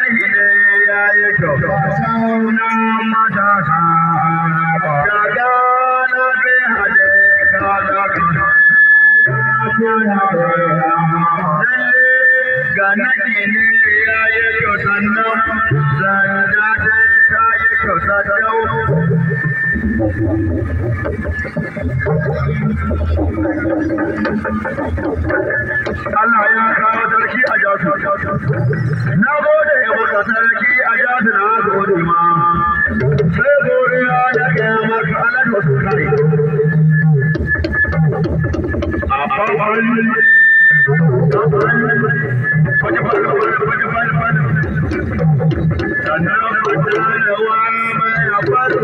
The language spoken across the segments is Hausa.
gine ya yi kyau saunan matasa daga na fi hade ta daga lalle ga na gine ya yi kyau sannan zanda ta yi kyau sannan Allah ya kawo sarki a Na gode ya mutu sarki a jasu na Sai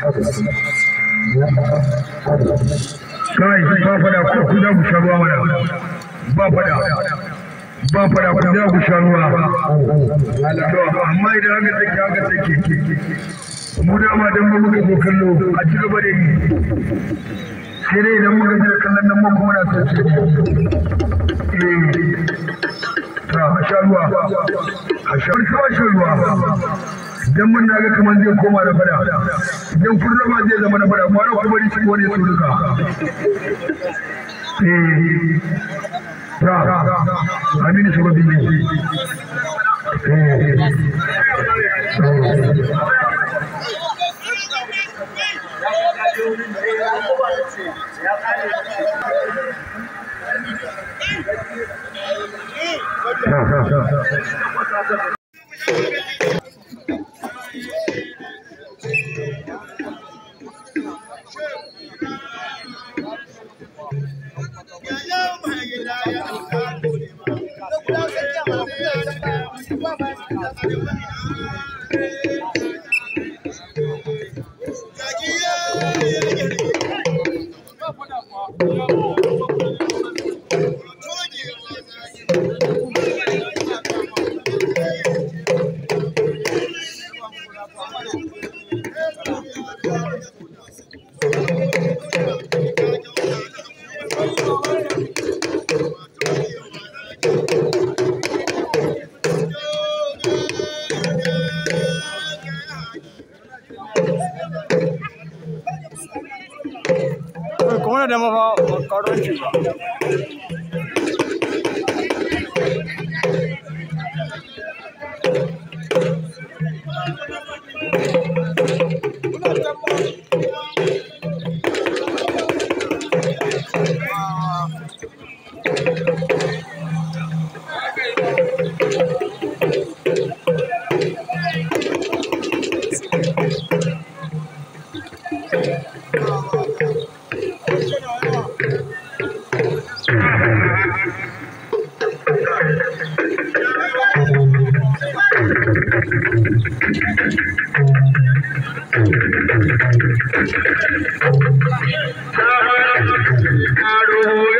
kai ba fada ko ku za ku sha ruwa mana ba fada ba fada ku za ku sha ruwa to amma idan haka take haka take mu da ma dan muka zo kallo a ci gaba da yi sai dai idan muka je kallon nan mun kuma na tace eh ta sha ruwa a sha ruwa idan mun ga kamar zai koma da fada idan kun raba zai zama na fada kuma ku bari shi wani su duka amin su rabbi eh Yeah, yeah, yeah. 工业电马跑，高中去吧。Thank you.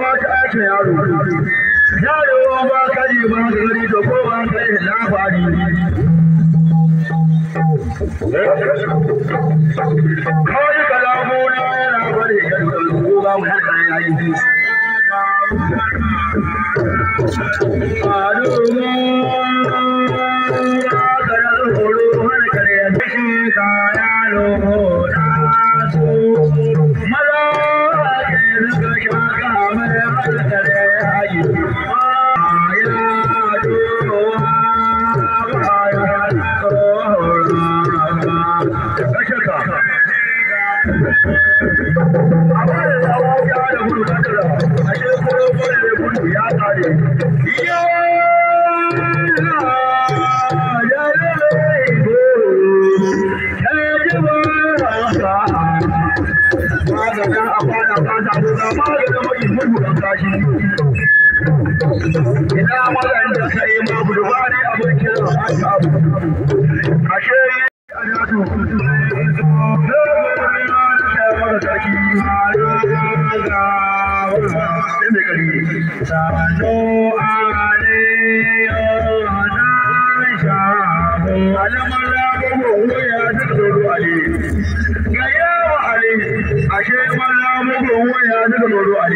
ba ka ake yaro yaro ba ka ji ba ka gari to ko ba ka yi na kawai kalamu na yana bari ka da ko ba mu haka ina maganta sai ma bulwari abokin asabu ashe annatu Ashe malla daga dodo ale.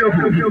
Ko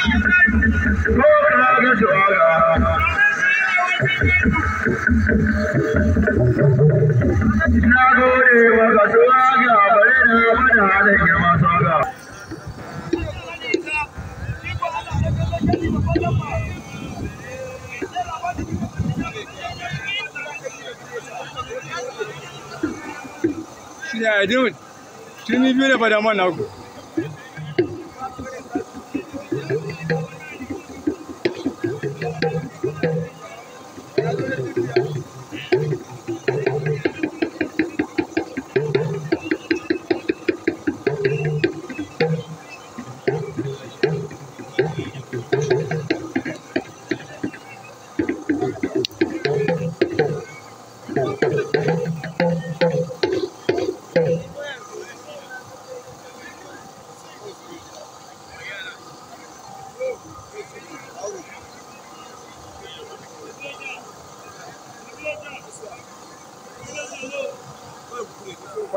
yaya doing? Tuni biyu da fadaman naku.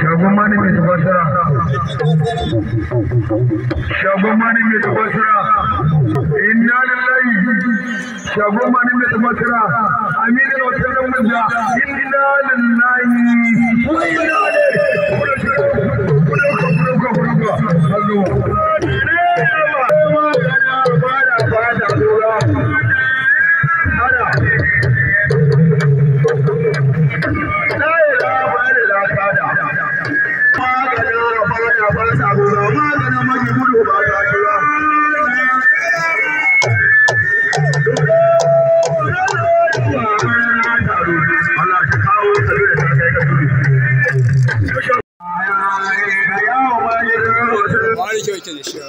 shagon mani mai tafasira shagon mani mai tafasira inna lillahi mani mai tafasira aminin wata nan manja inna lillahi いといてですよ。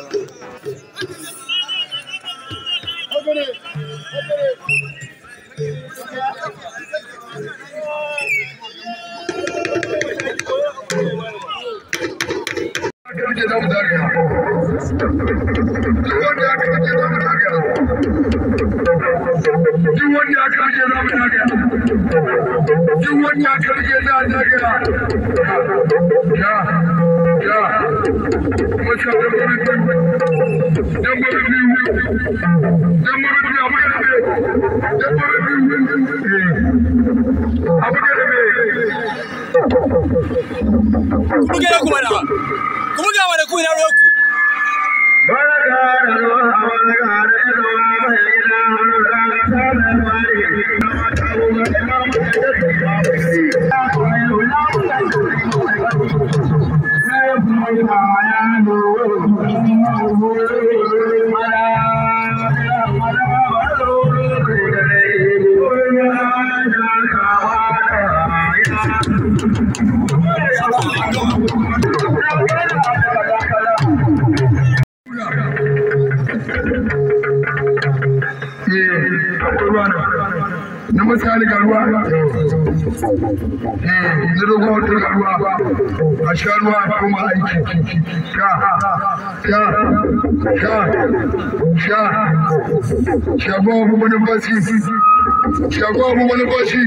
Hallelujah. fuska daga ruwa na dogon daga ruwa a sha ruwa kuma aiki sha sha sha sha shagon abubuwan numfashi shagon abubuwan numfashi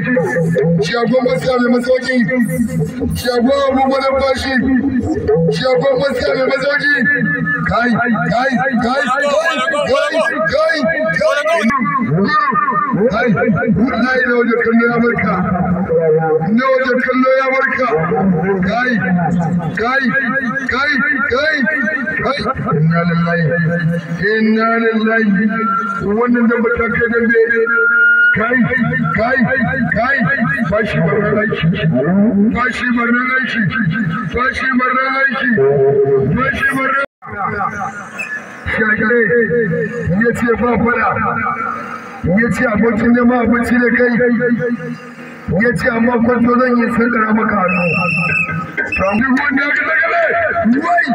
shagon fuska mai masauki shagon abubuwan numfashi shagon fuska mai masauki kai kai kai kai kai kai kai wallahi na wajen kallo ya barka na wajen kallo ya barka kai kai kai kai inna lillahi inna lillahi wannan da bata kai da bere kai kai kai bashi barnan aiki bashi barnan aiki bashi barnan aiki bashi barnan shagare ya ce ba fara Yace abokin zama abinci da kai ya ce amma kwanto zan yi sarkara maka hannu inna lillahi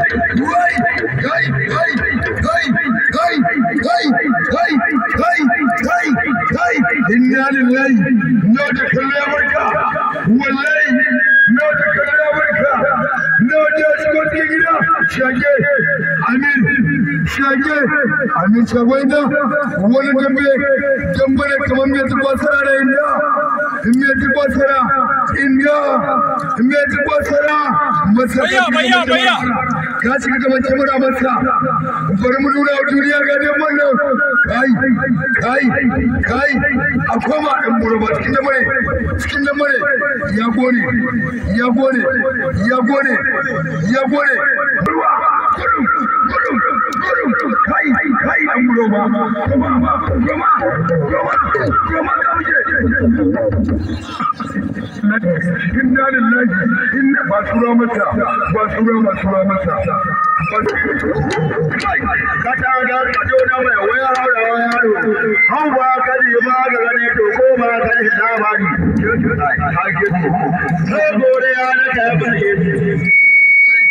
wallahi shage amin shage amin shagwai da wani dambe dambe ne kamar mai tuba sara da inda in mai tuba sara inda in mai tuba sara masa bayya bayya ka ci ka gaban kamar amsa bari mu nuna wa duniya ga dan nan kai kai kai a koma dan ba cikin da mare cikin da mare ya gone ya gone ya gone ya gore ruwa gudun gudun kai kai an roma roma inna lillahi inna ba tura mata ba tura ba tura mata ka da ka na mai waya haura yaro han ba ka ji ma ga gane to ko ma ka ji labari sai gore ya na ka fahimci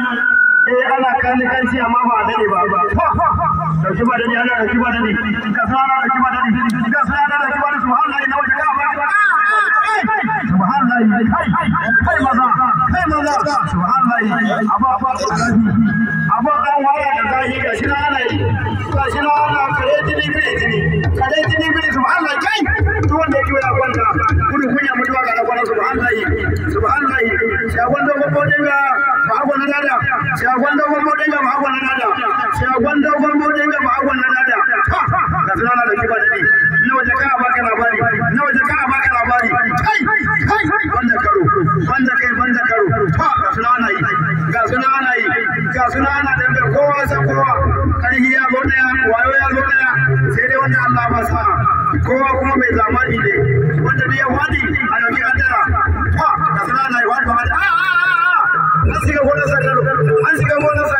eh ana kanikanci amma ba a dade ba dauki ba dade ana dauki ba dade ka dauki ba dade ka subhanallahi na ba subhanallahi kai kai maza kai maza subhanallah abba abba abba kan da shi kai duk wani da da banda kai fa ga suna ana yi ga suna yi ga suna ana kowa san kowa karhi ya zo daya wayo ya zo daya sai dai wanda Allah ba sa kowa kuma mai zamani ne wanda bai wadi a dauki kaddara fa ga suna ana yi wadi ba a a an shiga gonar sa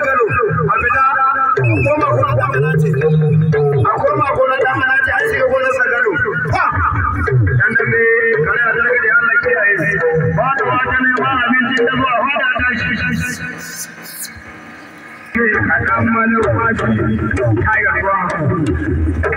太远了。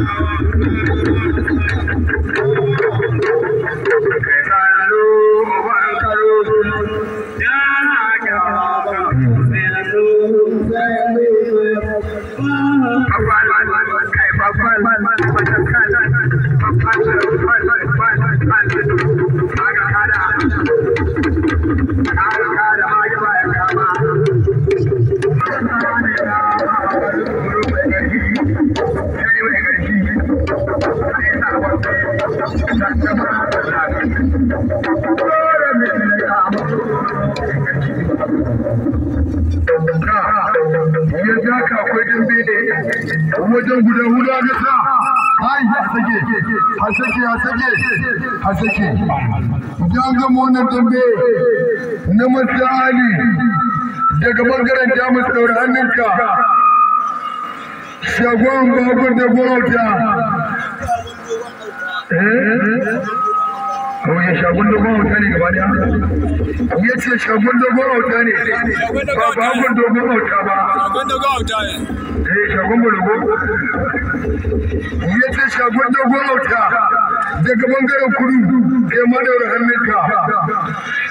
no, take don gamo na dambe na masta ali daga bangaren jamus ɗaura hannunka shagon babu da gwamnata kawai eh? shagun dogon auta ne gaba daya ya ce shagun dogon ne ba babun dogon auta ba shagun dogon auta ne eh shagun ya ce shagun dogon daga bangaren kudu da ya madaura hannuka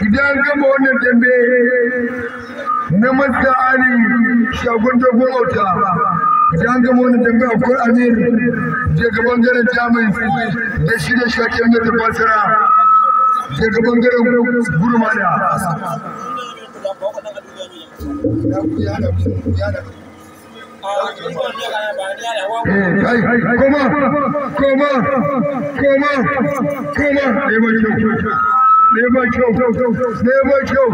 idan gama wannan dambe na masu ari shagon dogon auta idan gama wannan dambe akwai amir daga bangaren jamus da shi da shakin da tafasara daga bangaren gurmana Koma, koma, koma, koma. kyau, nema kyau, nema kyau.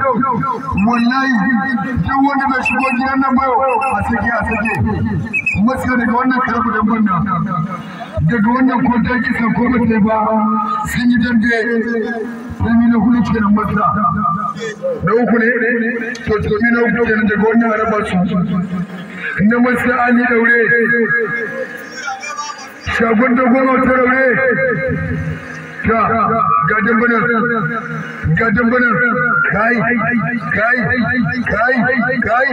wanda bai shigo gidan nan bayo a sake a sake. Masu daga wannan karabu da banna. Daga wannan kwantar kisan ko mace ba sun yi dambe sun yi na hudu kenan masa. Na uku to tsomi na uku daga wannan harabar su. na masu ali daure shagun da goma ta daure ta ga kai kai kai kai kai kai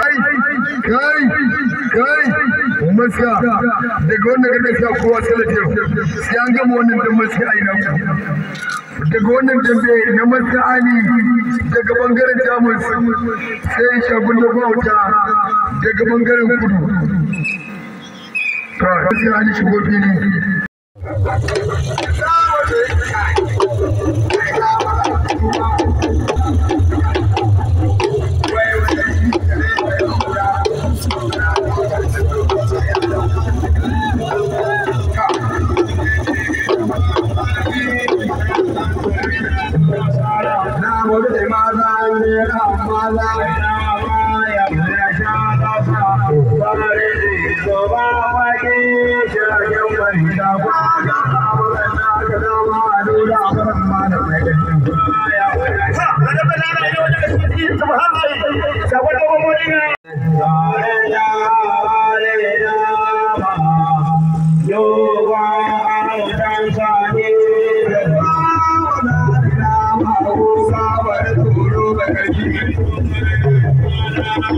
kai kai kai kai mun daga wannan ka tsaya kowa salatif sai an gama wannan dan mun tsaya ina daga wannan dambe na masa ali daga bangaren jamus sai shagun da bauta daga bangaren kudu ta ali shigo fili Thank you. 我的。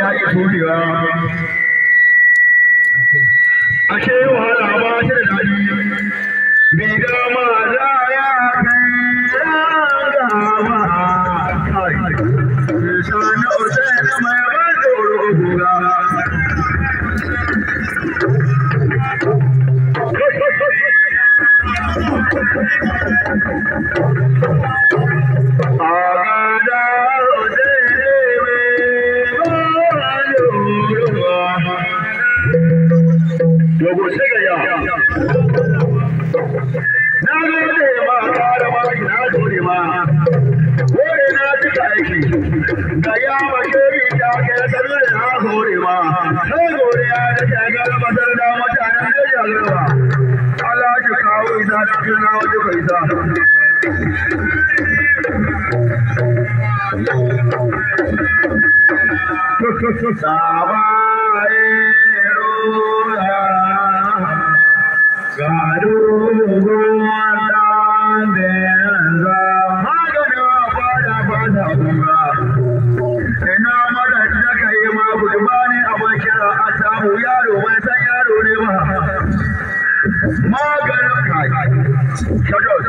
yaƙi turewa ashe wahala ba shi da daɗi bi dama za ya Uh, Bye.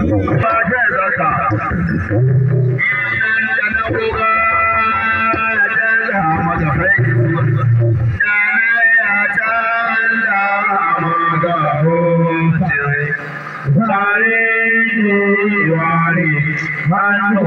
Fajar zaka. na koga ya jalla mazafai. Dana ya jalla magaho tirai. Sare wari. Hannu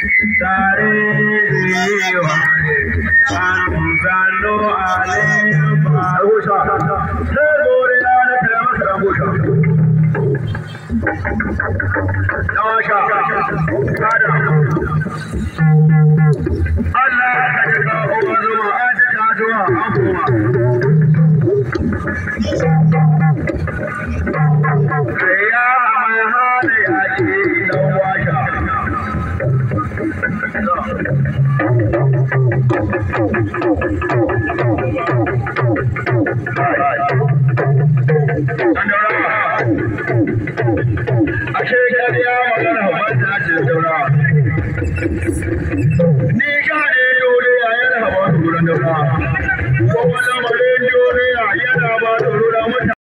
Sare da yawa zano alayhi farusha sai